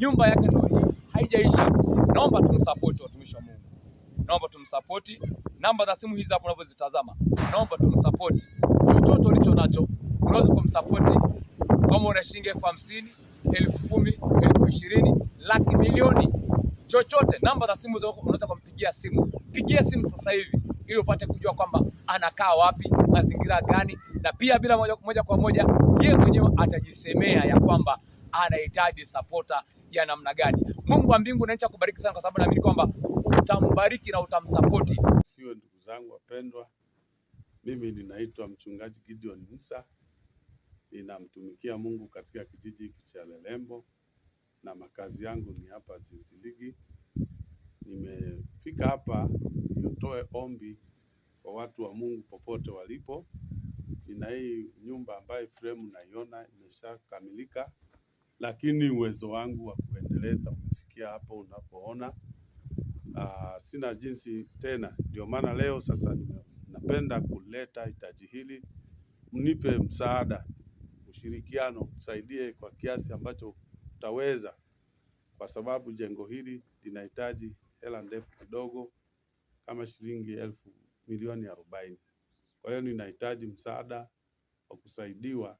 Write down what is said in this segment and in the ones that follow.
nyumba yake ndio hii, haijaisha. Naomba tumsapoti, watumishi wa Mungu, naomba tumsapoti. Namba za simu hizi hapo unavyozitazama, naomba tumsapoti. Chochote ulicho nacho unaweza kumsapoti, kama una shilingi elfu hamsini, elfu kumi, elfu ishirini, laki, milioni, chochote. Namba za simu zako unaweza kumpigia simu, pigia simu sasa hivi ili upate kujua kwamba anakaa wapi, mazingira gani, na pia bila moja, moja kwa moja yeye mwenyewe atajisemea ya kwamba anahitaji sapota ya namna gani. Mungu wa mbingu naicha kubariki sana, kwa sababu naamini kwamba utambariki na utamsapoti. Siwe ndugu zangu wapendwa, mimi ninaitwa mchungaji Gideon Musa, ninamtumikia Mungu katika kijiji hiki cha Lelembo na makazi yangu ni hapa Zinziligi. Nimefika hapa nitoe ombi kwa watu wa Mungu popote walipo. Nina hii nyumba ambayo fremu naiona imeshakamilika lakini uwezo wangu wa kuendeleza umefikia hapo unapoona. Uh, sina jinsi tena, ndio maana leo sasa napenda kuleta hitaji hili, mnipe msaada, ushirikiano, msaidie kwa kiasi ambacho utaweza, kwa sababu jengo hili linahitaji hela ndefu kidogo, kama shilingi elfu milioni arobaini. Kwa hiyo ninahitaji msaada wa kusaidiwa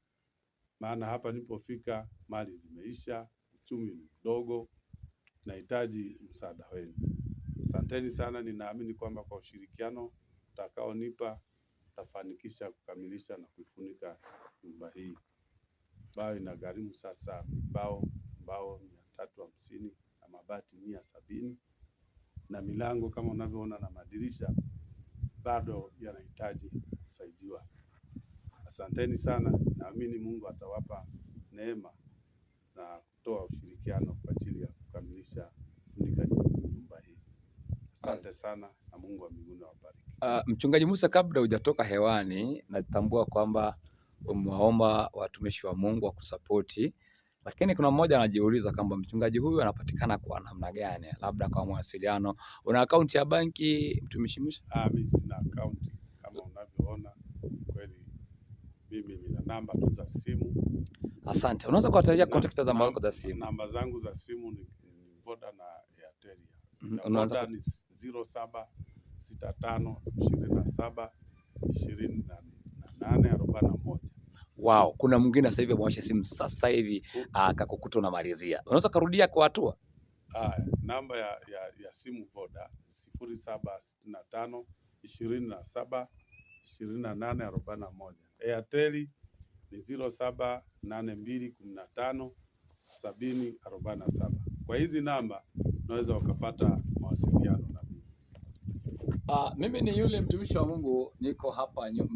maana hapa nilipofika mali zimeisha, uchumi ni mdogo, nahitaji msaada wenu. Asanteni sana, ninaamini kwamba kwa ushirikiano utakaonipa tafanikisha kukamilisha na kuifunika nyumba hii ambayo ina gharimu sasa mbao mbao mia tatu hamsini na mabati mia sabini na milango kama unavyoona na madirisha bado yanahitaji kusaidiwa. Asanteni sana, naamini Mungu atawapa neema na kutoa ushirikiano kwa ajili ya kukamilisha fundikaji nyumba hii. Asante sana na Mungu wa mbinguni awabariki. Uh, Mchungaji Musa, kabla hujatoka hewani, natambua kwamba umewaomba watumishi wa Mungu wa kusapoti, lakini kuna mmoja anajiuliza kwamba mchungaji huyu anapatikana kwa namna gani, labda kwa mawasiliano. Una akaunti ya banki mtumishi Musa? Ah, mimi sina akaunti kama unavyoona kweli mimi nina namba tu za simu. Asante, unaweza kuwatajia contact za namba zako za simu? Namba zangu za simu ni Voda na Airtel. Mhm, Voda ni na 65 27 28 moja Wow, kuna mwingine sasa hivi amewasha simu sasa hivi akakukuta ah, unamalizia. Unaweza karudia kwa hatua? Ah, namba ya, ya, ya simu Voda na saba ishirini na nane arobaini na moja. Airtel ni 078215 Kwa hizi namba unaweza ukapata mawasiliano na mimi. Ah, mimi ni yule mtumishi wa Mungu, niko hapa e,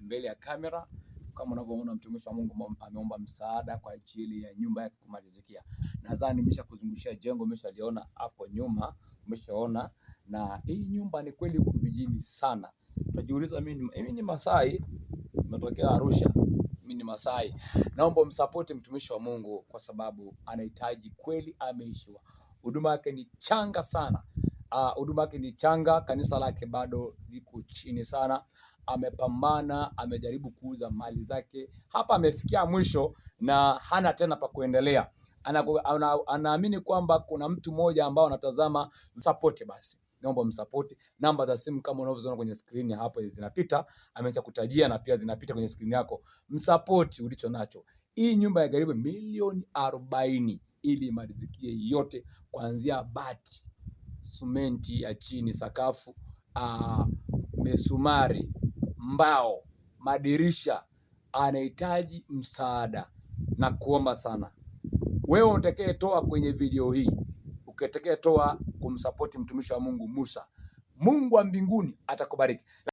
mbele ya kamera kama unavyoona mtumishi wa Mungu ameomba msaada kwa ajili ya nyumba yake kumalizikia. Nadhani nimeshakuzungushia jengo, umeshaliona hapo nyuma, umeshaona. Na hii nyumba ni kweli kumijini vijijini sana, Utajiuliza, mimi ni Masai, nimetokea Arusha, mimi ni Masai. Naomba msapoti mtumishi wa Mungu kwa sababu anahitaji kweli, ameishiwa. Huduma yake ni changa sana, ah, huduma uh, yake ni changa. Kanisa lake bado liko chini sana. Amepambana, amejaribu kuuza mali zake, hapa amefikia mwisho na hana tena pa kuendelea. Anaamini ana, ana kwamba kuna mtu mmoja ambao anatazama, msapoti basi naomba msapoti. Namba za simu kama unavyoziona kwenye skrini hapo zinapita, ameweza kutajia na pia zinapita kwenye skrini yako. Msapoti ulicho nacho. Hii nyumba ya karibu milioni arobaini ili imalizikie yote, kuanzia bati, sumenti ya chini, sakafu, a, mesumari, mbao, madirisha. Anahitaji msaada na kuomba sana wewe utakayetoa kwenye video hii ukiteketoa kumsapoti mtumishi wa Mungu Musa, Mungu wa mbinguni atakubariki.